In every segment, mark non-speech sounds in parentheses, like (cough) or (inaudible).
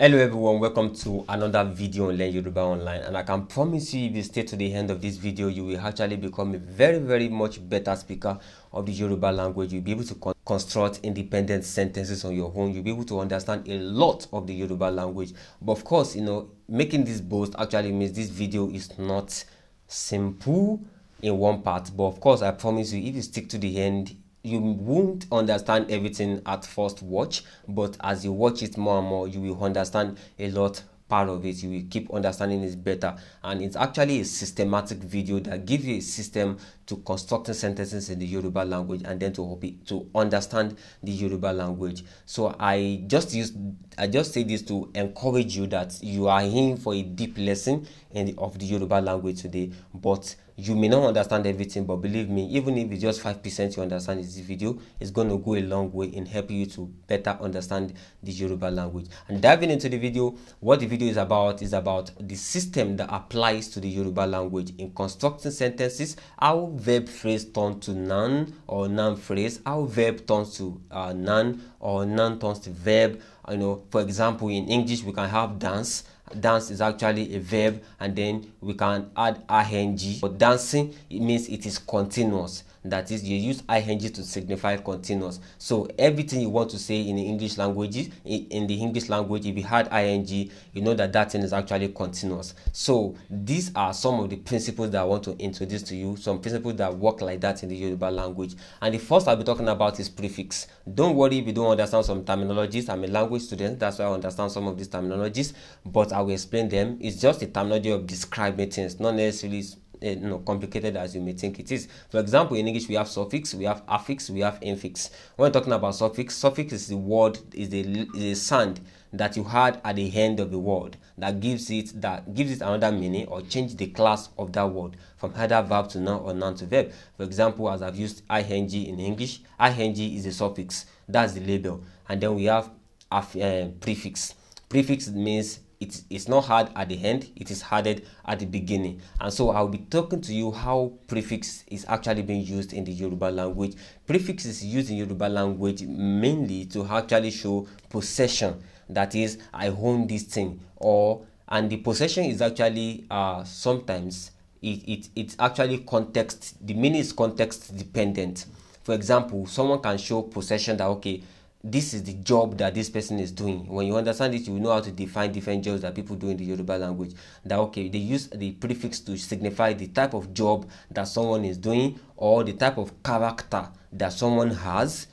Hello everyone, welcome to another video on Learn Yoruba Online and I can promise you if you stay to the end of this video, you will actually become a very very much better speaker of the Yoruba language. You'll be able to con construct independent sentences on your own. You'll be able to understand a lot of the Yoruba language. But of course, you know, making this boast actually means this video is not simple in one part. But of course, I promise you if you stick to the end, you won't understand everything at first watch, but as you watch it more and more, you will understand a lot part of it you will keep understanding it better and it's actually a systematic video that gives you a system to constructing sentences in the Yoruba language and then to to understand the Yoruba language so I just use I just say this to encourage you that you are in for a deep lesson in the, of the Yoruba language today but you may not understand everything but believe me even if it's just 5% you understand this video it's going to go a long way in helping you to better understand the Yoruba language and diving into the video what the video is about is about the system that applies to the Yoruba language in constructing sentences how verb phrase turns to noun or noun phrase how verb turns to uh, noun or noun turns to verb you know for example in English we can have dance dance is actually a verb and then we can add ing for dancing it means it is continuous that is you use ing to signify continuous so everything you want to say in the english languages in the english language if you had ing you know that that thing is actually continuous so these are some of the principles that i want to introduce to you some principles that work like that in the yoruba language and the first i'll be talking about is prefix don't worry if you don't understand some terminologies i'm a language student that's why i understand some of these terminologies but i will explain them it's just the terminology of describing things not necessarily Eh, you know, complicated as you may think it is. For example, in English, we have suffix, we have affix, we have infix. When talking about suffix, suffix is the word, is the, is the sound that you had at the end of the word that gives it that gives it another meaning or change the class of that word from either verb to noun or noun to verb. For example, as I've used ing in English, ing is a suffix, that's the label, and then we have a uh, eh, prefix. Prefix means it's, it's not hard at the end, it is harder at the beginning. And so I'll be talking to you how prefix is actually being used in the Yoruba language. Prefix is used in Yoruba language mainly to actually show possession. That is, I own this thing or and the possession is actually uh, sometimes it, it, it's actually context, the meaning is context dependent. For example, someone can show possession that, okay, this is the job that this person is doing. When you understand this, you know how to define different jobs that people do in the Yoruba language. That okay, they use the prefix to signify the type of job that someone is doing or the type of character that someone has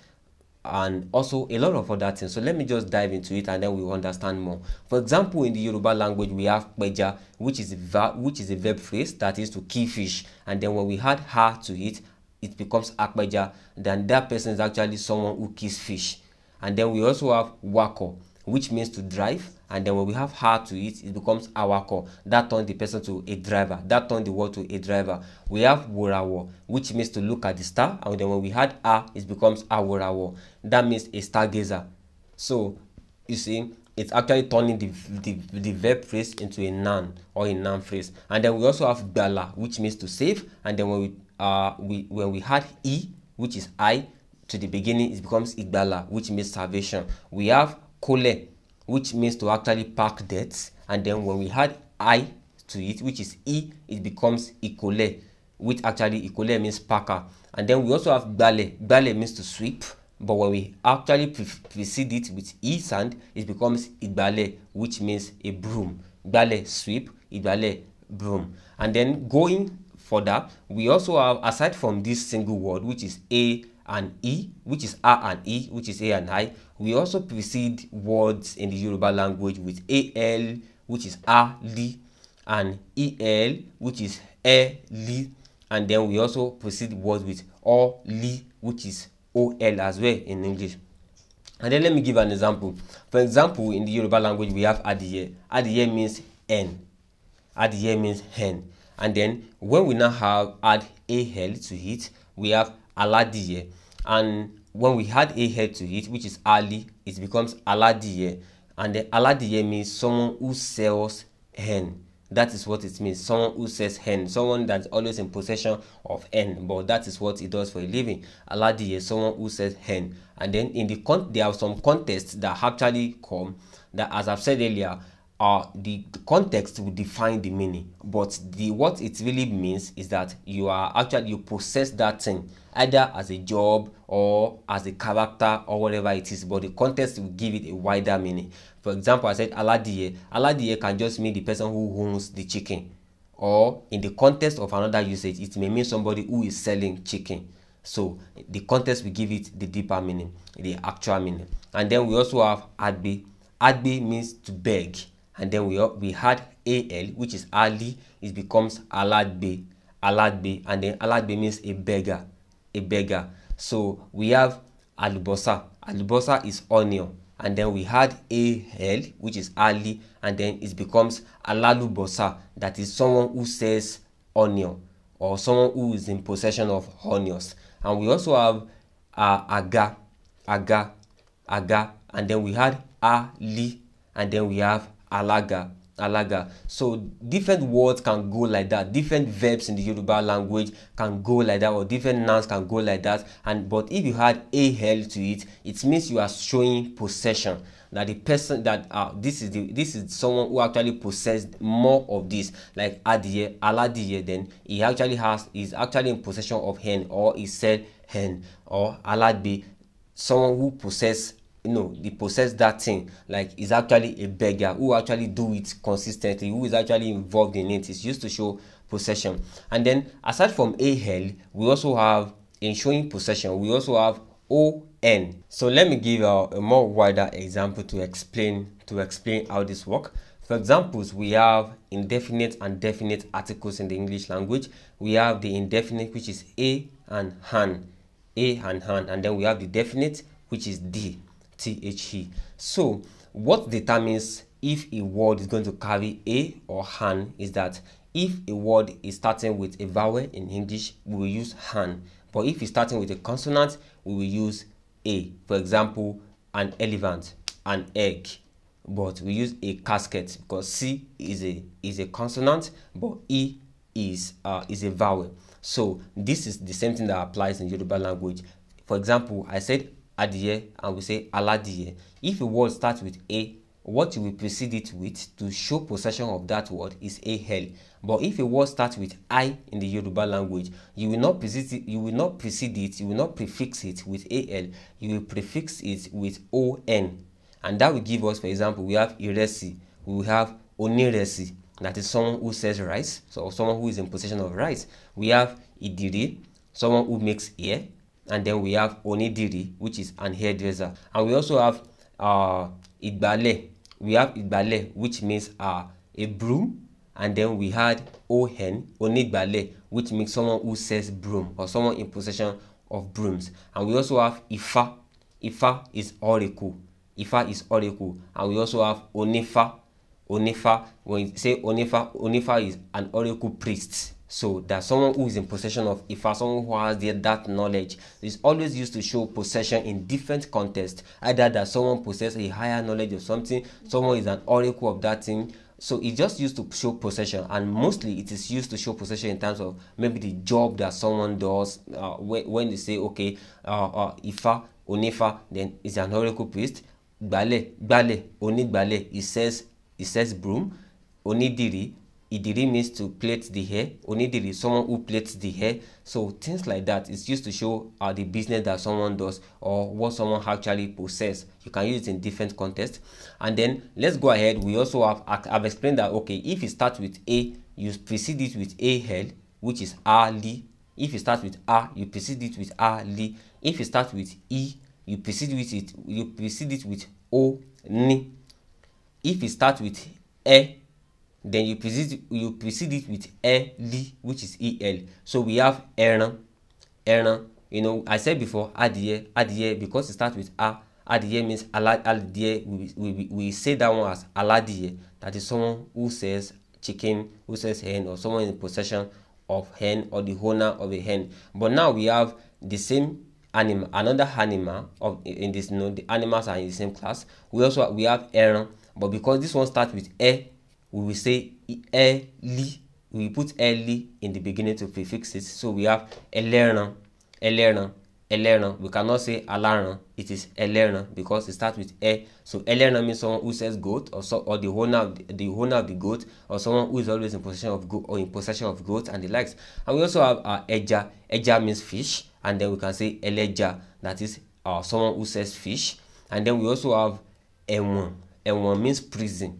and also a lot of other things. So let me just dive into it and then we will understand more. For example, in the Yoruba language, we have peja, which is a verb, which is a verb phrase that is to kill fish. And then when we add ha to it, it becomes akpeja. Then that person is actually someone who kills fish and then we also have wako which means to drive and then when we have her to eat, it becomes awako that turns the person to a driver that turns the word to a driver we have worawo which means to look at the star and then when we had a it becomes aworawo that means a stargazer so you see it's actually turning the, the, the verb phrase into a noun or a noun phrase and then we also have bala which means to save and then when we uh we when we had e which is i to the beginning, it becomes Igbala, which means salvation. We have Kole, which means to actually pack debts. And then when we add I to it, which is E, it becomes Ikole, which actually Ikole means packer. And then we also have Gbale. Gbale means to sweep. But when we actually pre precede it with E sand it becomes Igbale, which means a broom. Gbale, sweep. Igbale, broom. And then going further, we also have, aside from this single word, which is A, and E, which is A and E, which is A and I. We also precede words in the Yoruba language with AL, which is A, Li, and EL, which is E, Li. And then we also precede words with O, Li, which is OL as well in English. And then let me give an example. For example, in the Yoruba language, we have Adiye. Adiye means N. Adiye means hen. And then when we now have add AL to it, we have Aladiye. And when we add a head to it, which is Ali, it becomes Aladiye. And the Aladiye means someone who sells hen. That is what it means. Someone who sells hen. Someone that's always in possession of hen. But that is what he does for a living. Aladiye, someone who sells hen. And then in the con there are some contests that actually come that, as I've said earlier, uh, the, the context will define the meaning but the what it really means is that you are actually you possess that thing either as a job or as a character or whatever it is but the context will give it a wider meaning for example i said aladiye aladiye can just mean the person who owns the chicken or in the context of another usage it may mean somebody who is selling chicken so the context will give it the deeper meaning the actual meaning and then we also have adbi. Adbi means to beg and then we we had al which is ali it becomes aladbe aladbe and then aladbe means a beggar a beggar so we have alubosa alubosa is onion and then we had al which is ali and then it becomes alalubosa that is someone who sells onion or someone who is in possession of onions and we also have uh, aga aga aga and then we had ali and then we have alaga alaga so different words can go like that different verbs in the yoruba language can go like that or different nouns can go like that and but if you add hell to it it means you are showing possession that the person that uh, this is the this is someone who actually possessed more of this like adie aladie then he actually has is actually in possession of hen or he said hen or aladbe someone who possess you know the possess that thing like is actually a beggar who actually do it consistently who is actually involved in it is used to show possession and then aside from hell we also have in showing possession we also have on so let me give a, a more wider example to explain to explain how this work for examples, we have indefinite and definite articles in the English language. We have the indefinite, which is a and han, a and han, and then we have the definite, which is d. THE. So what determines if a word is going to carry a or han is that if a word is starting with a vowel in English, we will use han. But if it's starting with a consonant, we will use a. For example, an elephant, an egg. But we use a casket because C is a is a consonant, but E is uh, is a vowel. So this is the same thing that applies in Yoruba language. For example, I said adìyẹ and we say aladìyẹ if a word starts with a what you will precede it with to show possession of that word is hell but if a word starts with i in the yoruba language you will not precede it you will not precede it you will not prefix it with al you will prefix it with on and that will give us for example we have iresi we have oniresi that is someone who sells rice so someone who is in possession of rice we have idiri, someone who makes air and then we have onidiri which is an hairdresser and we also have uh, igbale we have igbale which means uh, a broom and then we had ohen onigbale which means someone who sells broom or someone in possession of brooms and we also have ifa ifa is oracle ifa is oracle and we also have onifa onifa when you say onifa onifa is an oracle priest So that someone who is in possession of Ifa, someone who has the, that knowledge, is always used to show possession in different contexts. Either that someone possesses a higher knowledge of something, someone is an oracle of that thing. So it just used to show possession, and mostly it is used to show possession in terms of maybe the job that someone does. Uh, when, when they say, okay, uh, uh, Ifa, Onifa, then is an oracle priest. Gbale, Gbale, Oni Gbale, he says, he says broom. Onidiri, Idiri means to plait the hair. Onidiri is someone who plaits the hair. So things like that is used to show uh, the business that someone does or what someone actually possesses. You can use it in different contexts. And then let's go ahead. We also have I've explained that okay, if you start with A, you precede it with AL, which is Ali. If you start with A, you precede it with Ali. If you start with E, you precede with it, you precede it with O ni. If you start with E, then you precede you it with eli which is el so we have ẹran ẹran you know i said before adìẹ adìẹ because it starts with a adìẹ means ala we we we say that one as aladìẹ that is someone who says chicken who says hen or someone in possession of hen or the owner of a hen but now we have the same animal another animal of in this you know the animals are in the same class we also we have ẹran but because this one starts with ẹ we will say early we put early in the beginning to prefix it so we have ẹlẹ́ran ẹlẹ́ran ẹlẹ́ran we cannot say aláran it is ẹlẹ́ran because it starts with e. so ẹlẹ́ran means someone who says goat or, so, or the owner of the, the owner of the goat or someone who is always in possession of goat or in possession of goat and the likes and we also have uh, ẹja ẹja means fish and then we can say ẹlẹ́ja that is uh, someone who says fish and then we also have ẹ̀wọ̀n ẹ̀wọ̀n means prison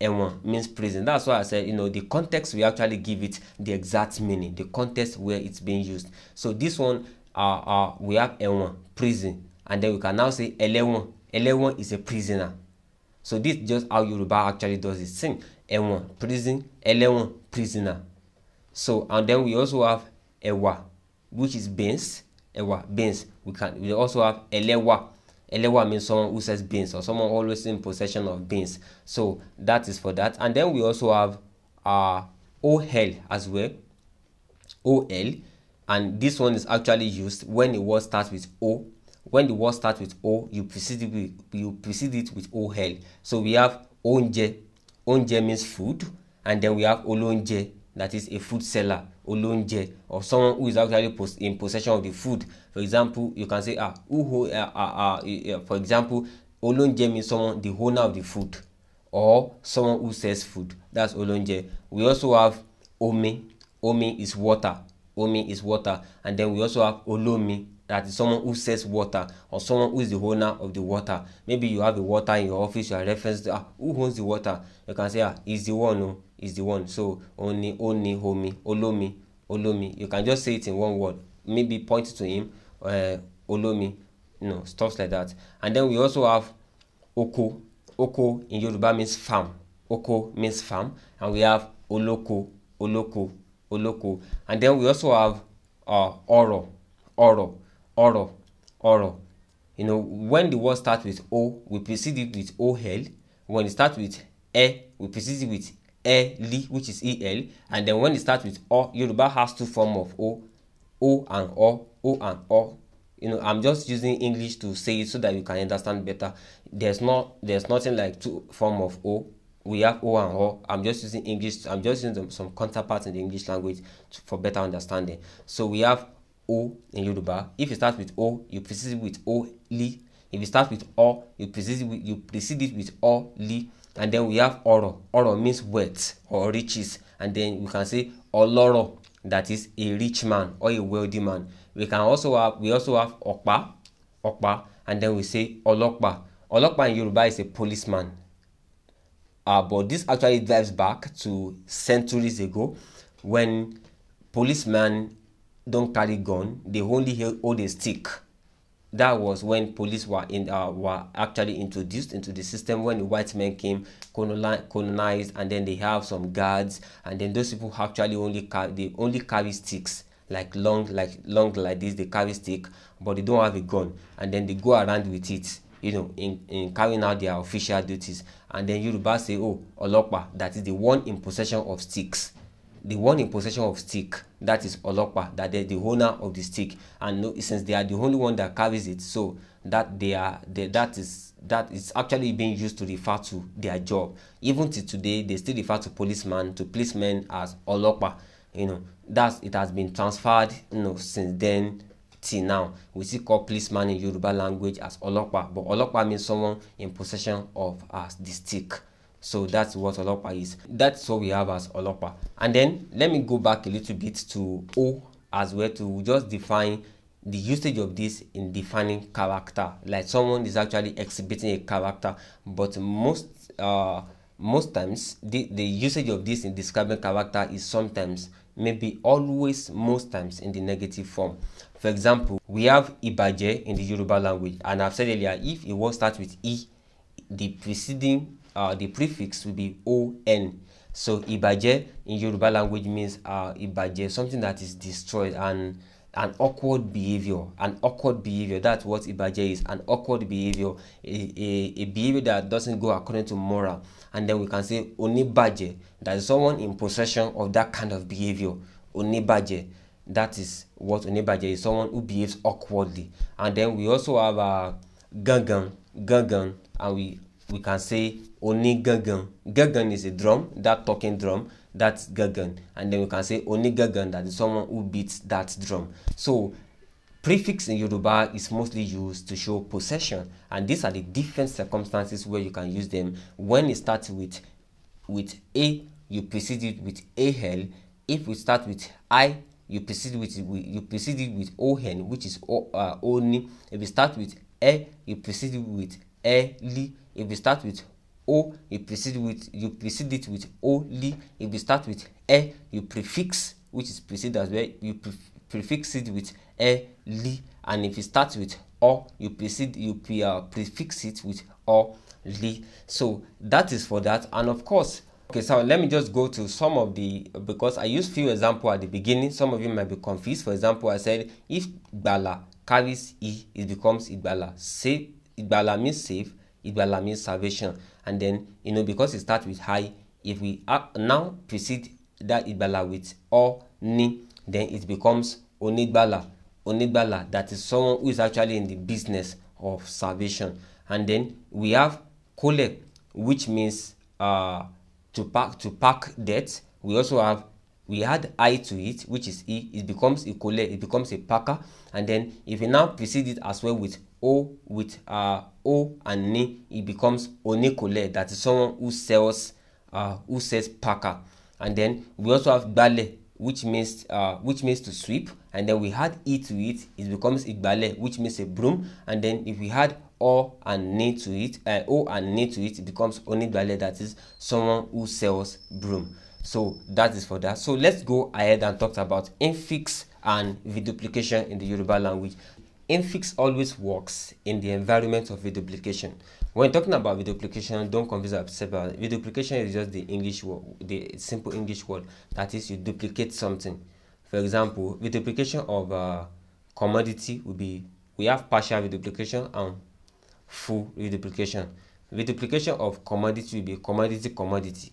M1 means prison. That's why I said, you know, the context we actually give it the exact meaning, the context where it's being used. So this one, uh, uh, we have M1 prison. And then we can now say Elewon. one is a prisoner. So this just how Yoruba actually does its thing. Ewan, prison. L1 prisoner. So, and then we also have Ewa, which is bins. Ewa, bins. We can, we also have Elewa, Elewa means someone who says beans or someone always in possession of beans. So that is for that. And then we also have uh, OL as well. OL. And this one is actually used when the word starts with O. When the word starts with O, you precede it with, you precede it with OL. So we have onje. Onje means food. And then we have olonje that is a food seller olonje, or someone who is actually in possession of the food for example you can say ah who hold ah ah ah eh, eh, for example olonje means someone the owner of the food or someone who sells food that's olonje. we also have omi omi is water omi is water and then we also have olomi. that is someone who sells water or someone who is the owner of the water maybe you have a water in your office you are referenced to ah who owns the water you can say ah is the one o. Oh is the one so òun ni ó ní omi olómi olómi you can just say it in one word maybe point to him uh, olómi you know stuff like that and then we also have oko oko in Yoruba means farm oko means farm and we have oloko oloko oloko. and then we also have uh, oro oro oro. ọ̀rọ̀ you know when the word starts with o we precede it with ol when it starts with e we precede it with eli which is el and then when it starts with o yoruba has two form of o o and o o and o you know i'm just using english to say it so that you can understand better there's not there's nothing like two form of o we have o and o i'm just using english i'm just using some, some counterparts in the english language to, for better understanding so we have o in yoruba if it starts with o you precede it with o li if it starts with o you precede it with, you precede it with o li and then we have ọrọ̀ ọrọ̀ means wealth or riches and then we can say ọlọ́rọ̀ that is a rich man or a wealthy man we can also have we also have ọ̀pá ọ̀pá and then we say ọlọ́pàá ọlọ́pàá in Yoruba is a policeman uh, but this actually dives back to centuries ago when policemen don't carry gun they only hold a stick that was when police were in uh, were actually introduced into the system when the white men came colonized and then they have some guards and then those people actually only carry they only carry sticks like long like long like this they carry stick but they don't have a gun and then they go around with it you know in in carrying out their official duties and then Yoruba say oh ọlọ́pàá that is the one in possession of sticks the one in possession of stick that is ọlọ́pàá that they the owner of the stick and no, since they are the only one that carries it so that they are they, that is that is actually being used to refer to their job even till today they still refer to policeman to policemen as ọlọ́pàá you know that's it has been transferred you know since then till now we still call policeman in Yoruba language as ọlọ́pàá but ọlọ́pàá means someone in possession of as the stick. So that's what Olopa is. That's what we have as Olopa. And then let me go back a little bit to O as well to just define the usage of this in defining character. Like someone is actually exhibiting a character, but most uh, most times the, the usage of this in describing character is sometimes maybe always most times in the negative form for example we have ibaje in the yoruba language and i've said earlier if a word starts with e the preceding uh, the prefix will be on. So ibaje in Yoruba language means uh, ibaje, something that is destroyed and an awkward behavior. An awkward behavior. That's what ibaje is. An awkward behavior, a, a, a behavior that doesn't go according to moral. And then we can say onibaje, that is someone in possession of that kind of behavior. Onibaje, that is what onibaje is, someone who behaves awkwardly. And then we also have a uh, gangan, gangan, and we we can say Oni Gagan. Gagan is a drum, that talking drum, that's Gagan. And then we can say Oni Gagan, that is someone who beats that drum. So prefix in Yoruba is mostly used to show possession. And these are the different circumstances where you can use them. When it starts with, with A, you precede it with AL. If we start with I, you precede with you precede it with ohen, which is o, uh, Oni. If we start with E, you precede it with Eli if you start with o you precede with you precede it with o only if you start with e you prefix which is precede as well you pre prefix it with e li and if you start with o you precede you pre uh, prefix it with o li so that is for that and of course okay so let me just go to some of the because i used few example at the beginning some of you might be confused for example i said if gbala carries e it becomes igbala save igbala means save it will salvation. And then, you know, because it starts with high, if we now precede that Igbala with or ni, then it becomes Onigbala. Onigbala, that is someone who is actually in the business of salvation. And then we have Kole, which means uh, to pack to pack debt. We also have we add I to it, which is E, it becomes a kole, it becomes a packer. And then if we now precede it as well with O, with uh, O and Ni, it becomes onikole that is someone who sells, uh, who sells Paka. And then we also have Bale, which means, uh, which means to sweep. And then we add E to it, it becomes Igbale, which means a broom. And then if we had O and Ni to it, uh, O and Ni to it, it becomes Onigbale, that is someone who sells broom. So that is for that. So let's go ahead and talk about infix and the duplication in the Yoruba language infix always works in the environment of reduplication. When talking about reduplication, don't confuse yourself. Reduplication is just the English word, the simple English word. That is, you duplicate something. For example, reduplication of uh, commodity would be we have partial reduplication and full reduplication. Reduplication of commodity will be commodity commodity.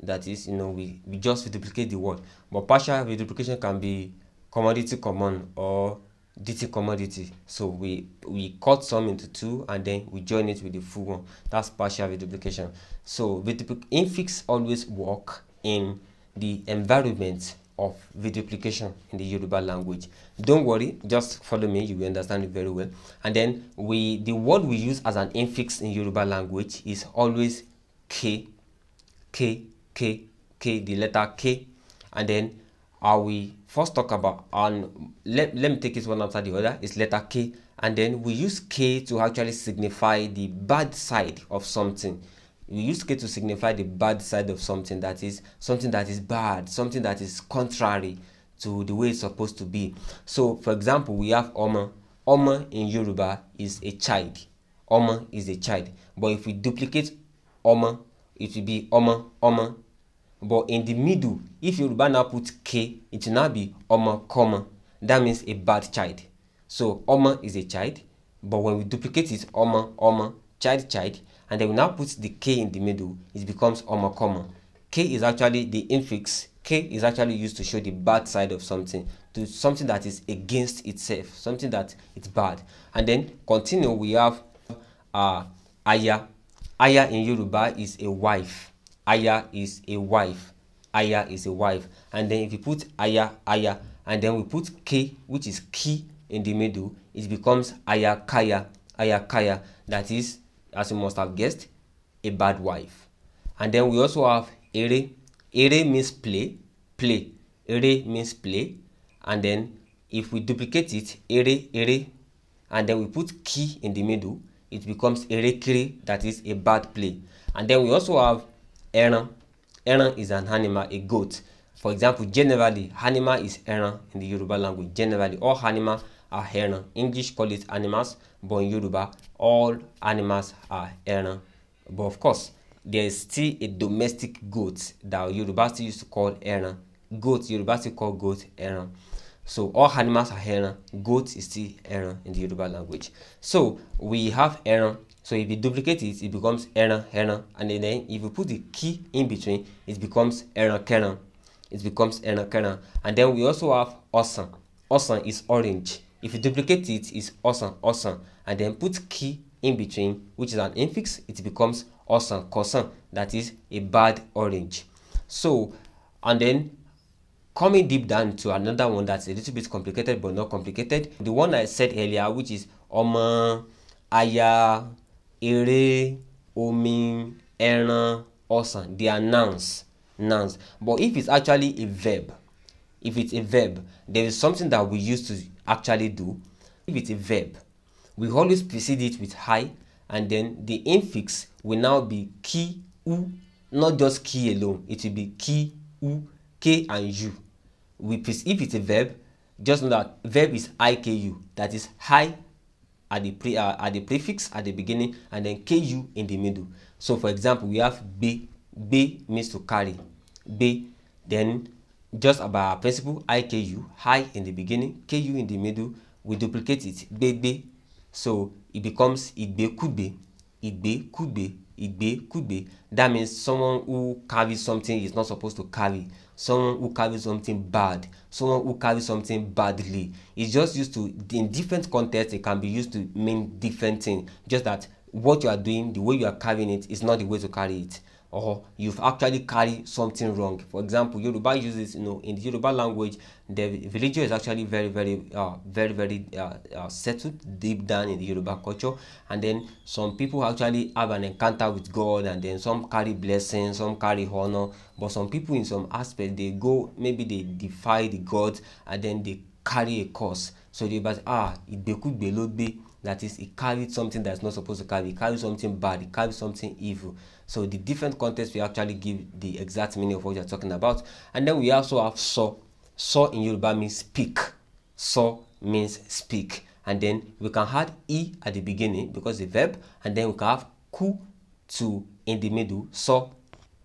That is, you know, we, we just duplicate the word. But partial reduplication can be commodity common or DT commodity. So we we cut some into two and then we join it with the full one. That's partial reduplication. So infix always work in the environment of reduplication in the Yoruba language. Don't worry, just follow me, you will understand it very well. And then we the word we use as an infix in Yoruba language is always K, K, K, K, the letter K. And then are we first talk about and let, let me take it one after the other is letter k and then we use k to actually signify the bad side of something we use k to signify the bad side of something that is something that is bad something that is contrary to the way it's supposed to be so for example we have ọmọ ọmọ in yoruba is a child ọmọ is a child but if we duplicate ọmọ it will be ọmọ ọmọ but in the middle, if Yoruba now put K, it will now be Oma comma. That means a bad child. So Oma is a child, but when we duplicate it, Oma, Oma, child, child, and then we now put the K in the middle, it becomes Oma comma. K is actually the infix. K is actually used to show the bad side of something, to something that is against itself, something that it's bad. And then continue, we have uh, Aya. Aya in Yoruba is a wife Aya is a wife. Aya is a wife. And then if you put Aya, Aya, and then we put K, which is Ki in the middle, it becomes Ayakaya, Ayakaya. That is, as you must have guessed, a bad wife. And then we also have Ere. Ere means play, play. Ere means play. And then if we duplicate it, Ere, Ere, and then we put Ki in the middle, it becomes Erekiri, that is a bad play. And then we also have eran. Eran is an animal, a goat. For example, generally, animal is eran in the Yoruba language. Generally, all animals are eran. English call it animals, but in Yoruba, all animals are eran. But of course, there is still a domestic goat that Yoruba still used to call eran. Goat, Yoruba still call goat eran. So all animals are eran. Goat is still eran in the Yoruba language. So we have eran so if you duplicate it, it becomes error, error. And then if you put the key in between, it becomes error kernel. It becomes error kernel. And then we also have awesome. Awesome is orange. If you duplicate it, it's awesome, awesome. And then put key in between, which is an infix, it becomes awesome, cosine. That is a bad orange. So, and then coming deep down to another one that's a little bit complicated but not complicated. The one I said earlier, which is Oma, Aya, eré omi ẹran ọsàn they are nouns nouns but if it's actually a verb if it's a verb there is something that we use to actually do if it's a verb we always precede it with I and then the infix will now be ki u not just ki alone it will be ki u k and u we if it's a verb just know that verb is iku that is high at the pre uh, at the prefix at the beginning and then ku in the middle so for example we have b b means to carry b then just about our principle iku high in the beginning ku in the middle we duplicate it b. so it becomes could be. ìgbékúgbé that means someone who carry something he is not supposed to carry someone who carry something bad someone who carry something badly it's just used to in different context it can be used to mean different thing just that what you are doing the way you are carrying it is not the way to carry it or you've actually carried something wrong. For example, Yoruba uses, you know, in the Yoruba language, the religion is actually very, very, uh, very, very uh, uh, settled deep down in the Yoruba culture. And then some people actually have an encounter with God, and then some carry blessings, some carry honor. But some people, in some aspect, they go, maybe they defy the gods, and then they carry a curse. So they ah, it could be a little bit. That is, it carried something that's not supposed to carry. he carried something bad. It carried something evil. So the different context we actually give the exact meaning of what you're talking about. And then we also have saw. Saw in Yoruba means speak. Saw means speak. And then we can add e at the beginning because the verb. And then we can have ku to in the middle. So,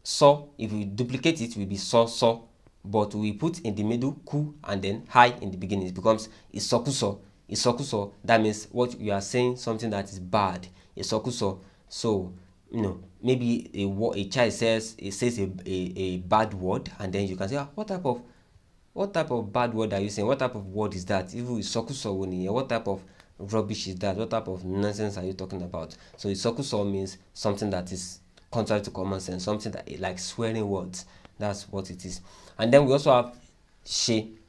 so if we duplicate it, it will be so so. But we put in the middle ku and then high in the beginning. It becomes isokuso. Isokuso that means what you are saying something that is bad Isokuso so you know maybe a a child says he says a, a a bad word and then you can say ah what type of what type of bad word are you saying what type of word is that irú ìsọkúsọ wo nìyẹn what type of rubbish is that what type of nonsense are you talking about so isokuso means something that is contrary to common sense something that like swearing words that's what it is and then we also have she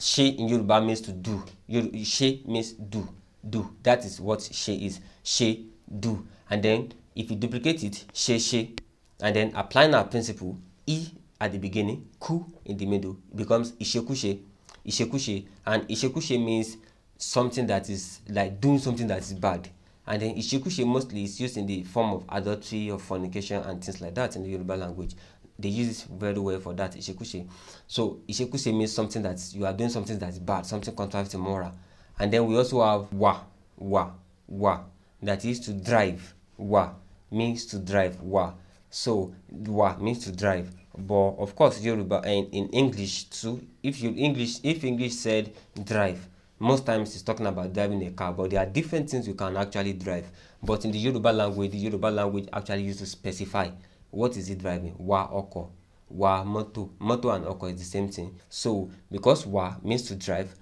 she in Yoruba means to do. Yoruba, she means do. Do. That is what she is. She, do. And then if you duplicate it, she, she. And then applying our principle, E at the beginning, ku in the middle, becomes ishekushe. Ishekushe. And ishekushe means something that is like doing something that is bad. And then ishekushe mostly is used in the form of adultery or fornication and things like that in the Yoruba language. they use it very well for that ishikushi So ishikushi means something that you are doing something that is bad, something contrary to moral. And then we also have wa, wa, wa, that is to drive. Wa means to drive. Wa. So wa means to drive. But of course, Yoruba in English too. If you English, if English said drive, most times it's talking about driving a car. But there are different things you can actually drive. But in the Yoruba language, the Yoruba language actually used to specify what is it driving? Wa oko. Wa moto. Moto and oko is the same thing. So because wa means to drive,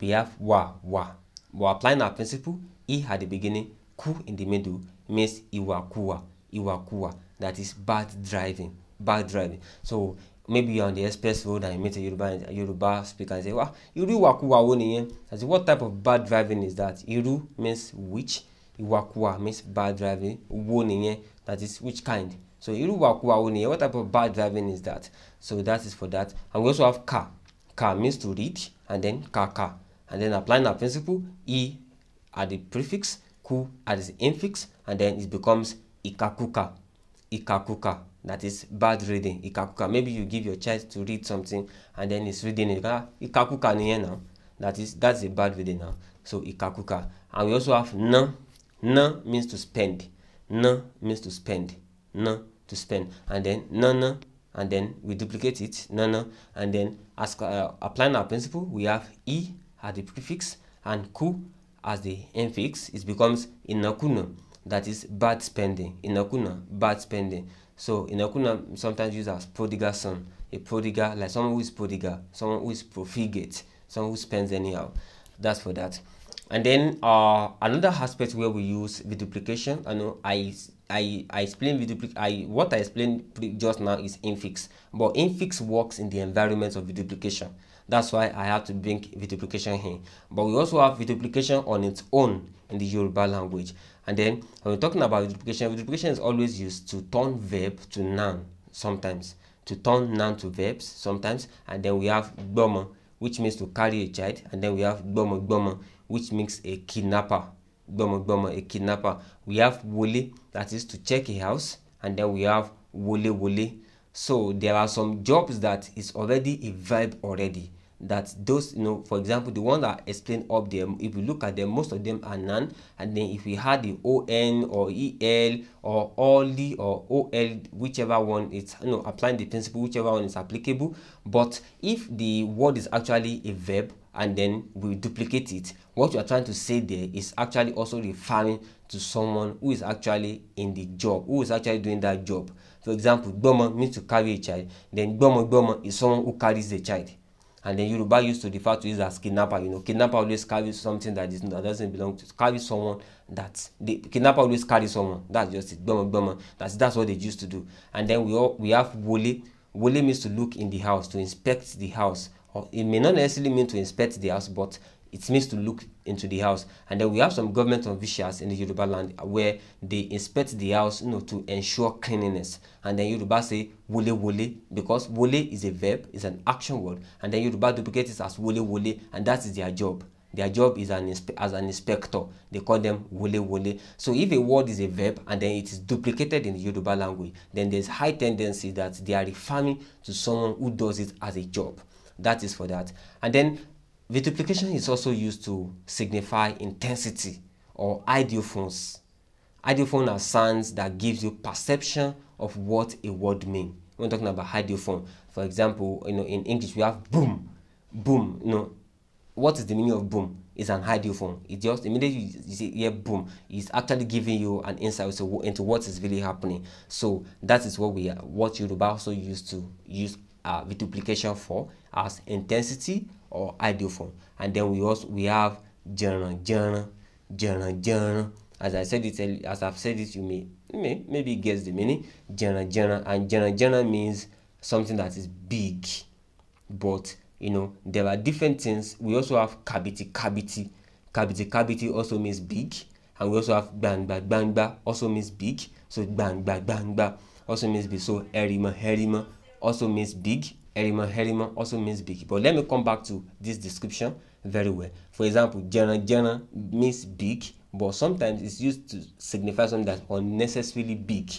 we have wa wa. We're applying our principle. E at the beginning, ku in the middle means iwakua. Iwakua. That is bad driving. Bad driving. So maybe you're on the express road and you meet a Yoruba, Yoruba speaker and say, Wow, ah, Iru Wakua Woniye. I say, What type of bad driving is that? Iru means which, Iwakua means bad driving, Woniye, that is which kind. So what type of bad driving is that? So that is for that. And we also have ka. Ka means to read and then kaka. And then applying a principle, e at the prefix, ku at the infix, and then it becomes ikakuka. Ikakuka. That is bad reading. Ikakuka. Maybe you give your child to read something and then it's reading it. Ah, ikakuka niye now. That is that's a bad reading now. So ikakuka. And we also have na. Na means to spend. Na means to spend. Na to spend and then no no and then we duplicate it no no and then as uh, applying our principle we have e as the prefix and ku as the infix it becomes inakuno that is bad spending inakuno bad spending so inakuno sometimes used as prodigal son a prodigal like someone who is prodigal someone who is profligate someone who spends anyhow that's for that and then uh, another aspect where we use the duplication i know i I, I explained video I what I explained just now is infix, but infix works in the environment of duplication. That's why I have to bring duplication here. But we also have duplication on its own in the Yoruba language. And then when we're talking about videoplication, duplication is always used to turn verb to noun sometimes, to turn noun to verbs sometimes, and then we have gboma, which means to carry a child, and then we have gboma gboma, which means a kidnapper Gbama a kidnapper. We have Wole, that is to check a house, and then we have Wole Wole. So there are some jobs that is already a verb already. That those, you know, for example, the one that explained up there, if you look at them, most of them are none. And then if we had the ON or EL or the or OL, whichever one it's, you know, applying the principle, whichever one is applicable. But if the word is actually a verb, and then we duplicate it what you are trying to say there is actually also referring to someone who is actually in the job who is actually doing that job for example gbomo means to carry a child then gbomo gbomo is someone who carries the child and then Yoruba used to refer to it as kidnapper. You know, kidnapper always carries something that is that doesn't belong to carry someone that the kidnapper always carries someone. That's just it. Bummer, bummer. That's that's what they used to do. And then we all we have wole. Wole means to look in the house, to inspect the house it may not necessarily mean to inspect the house, but it means to look into the house. And then we have some government officials in the Yoruba land where they inspect the house, you know, to ensure cleanliness. And then Yoruba say wole wole because wole is a verb, it's an action word. And then Yoruba duplicate it as wole wole, and that is their job. Their job is an as an inspector. They call them wole wole. So if a word is a verb and then it is duplicated in the Yoruba language, then there's high tendency that they are referring to someone who does it as a job. That is for that. And then vituplication is also used to signify intensity or ideophones. Ideophone are sounds that gives you perception of what a word means. When talking about ideophone, for example, you know, in English we have boom, boom. You know, what is the meaning of boom? It's an ideophone. It just immediately you, you yeah, boom. It's actually giving you an insight into, into what is really happening. So that is what we are, what Yoruba also used to use uh, with duplication for as intensity or ideal form. And then we also we have journal, journal, journal, journal. As I said it, as I've said it, you may, may maybe guess the meaning. Journal, journal, and journal, journal means something that is big, but you know there are different things. We also have cavity, cavity, cavity, cavity also means big, and we also have gbangba, gbangba also means big. So gbangba, gbangba also means big. So erima, erima also means big. Elima, Elima also means big. But let me come back to this description very well. For example, jana, jana means big, but sometimes it's used to signify something that's unnecessarily big.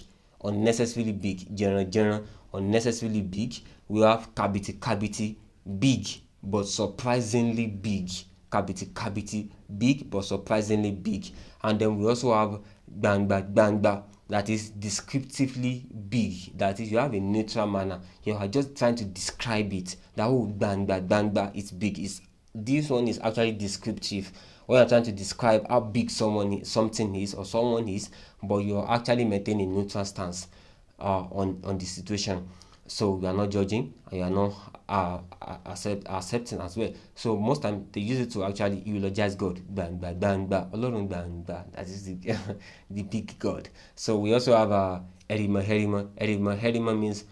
Unnecessarily big. Jana, jana, unnecessarily big. We have cavity, cavity big, but surprisingly big. Cavity, cavity big, but surprisingly big. And then we also have bang, bang, that is descriptively big that is you have a neutral manner you are just trying to describe it that oh gbangba gbangba it's big it's this one is actually descriptive when you're trying to describe how big someone is, something is or someone is but you're actually maintaining neutral stance uh, on on the situation so we are not judging and you are not uh, uh accept, accepting as well so most times they use it to actually eulogize god bang bang bang bang alone bang bang that is the, (laughs) the big god so we also have uh, erima herima erima herima means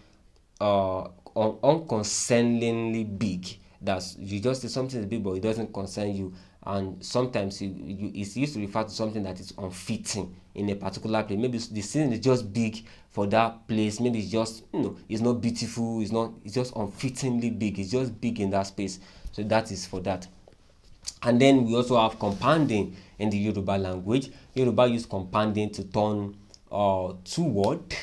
uh un- unconcerningly big that's you just say something is big but it doesn't concern you and sometimes it, it's used to refer to something that is unfitting in a particular place. Maybe the scene is just big for that place. Maybe it's just you know it's not beautiful. It's not it's just unfittingly big. It's just big in that space. So that is for that. And then we also have compounding in the Yoruba language. Yoruba use compounding to turn uh two word,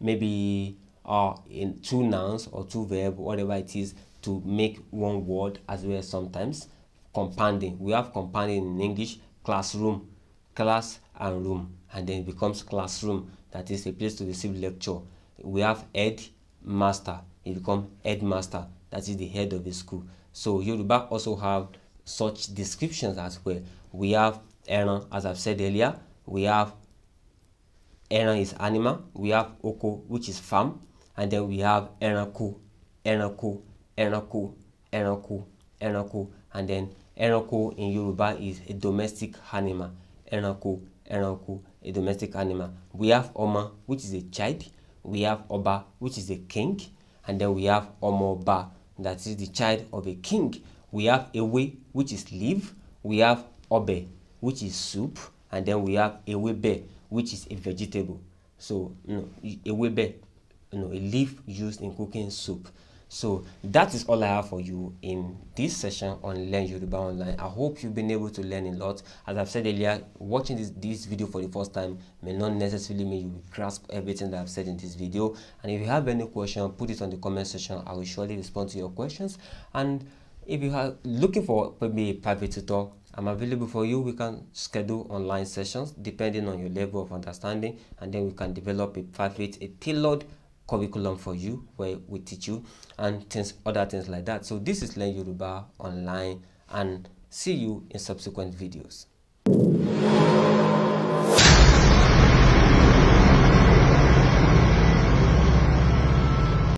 maybe uh in two nouns or two verb, whatever it is, to make one word as well sometimes compounding. We have compounding in English, classroom, class and room. And then it becomes classroom, that is a place to receive lecture. We have head master. It becomes headmaster, that is the head of the school. So Yoruba also have such descriptions as well. We have Eran, as I've said earlier, we have Eran is animal, we have Oko, which is farm, and then we have Eranko, Eranko, Eranko, Eranko, Eranko, and then ẹranko in Yoruba is a domestic animal ẹranko ẹranko a domestic animal we have ọmọ which is a child we have ọba which is a king and then we have ọmọọba that is the child of a king we have ewé which is leaf we have ọbẹ̀ which is soup and then we have ewébẹ̀ which is a vegetable so no, you know, a leaf used in cooking soup. So that is all I have for you in this session on Learn Yoruba Online. I hope you've been able to learn a lot. As I've said earlier, watching this, this video for the first time may not necessarily mean you grasp everything that I've said in this video. And if you have any question, put it on the comment section. I will surely respond to your questions. And if you are looking for maybe a private tutor, I'm available for you. We can schedule online sessions depending on your level of understanding, and then we can develop a private, a tailored curriculum for you where we teach you and things other things like that so this is learn yoruba online and see you in subsequent videos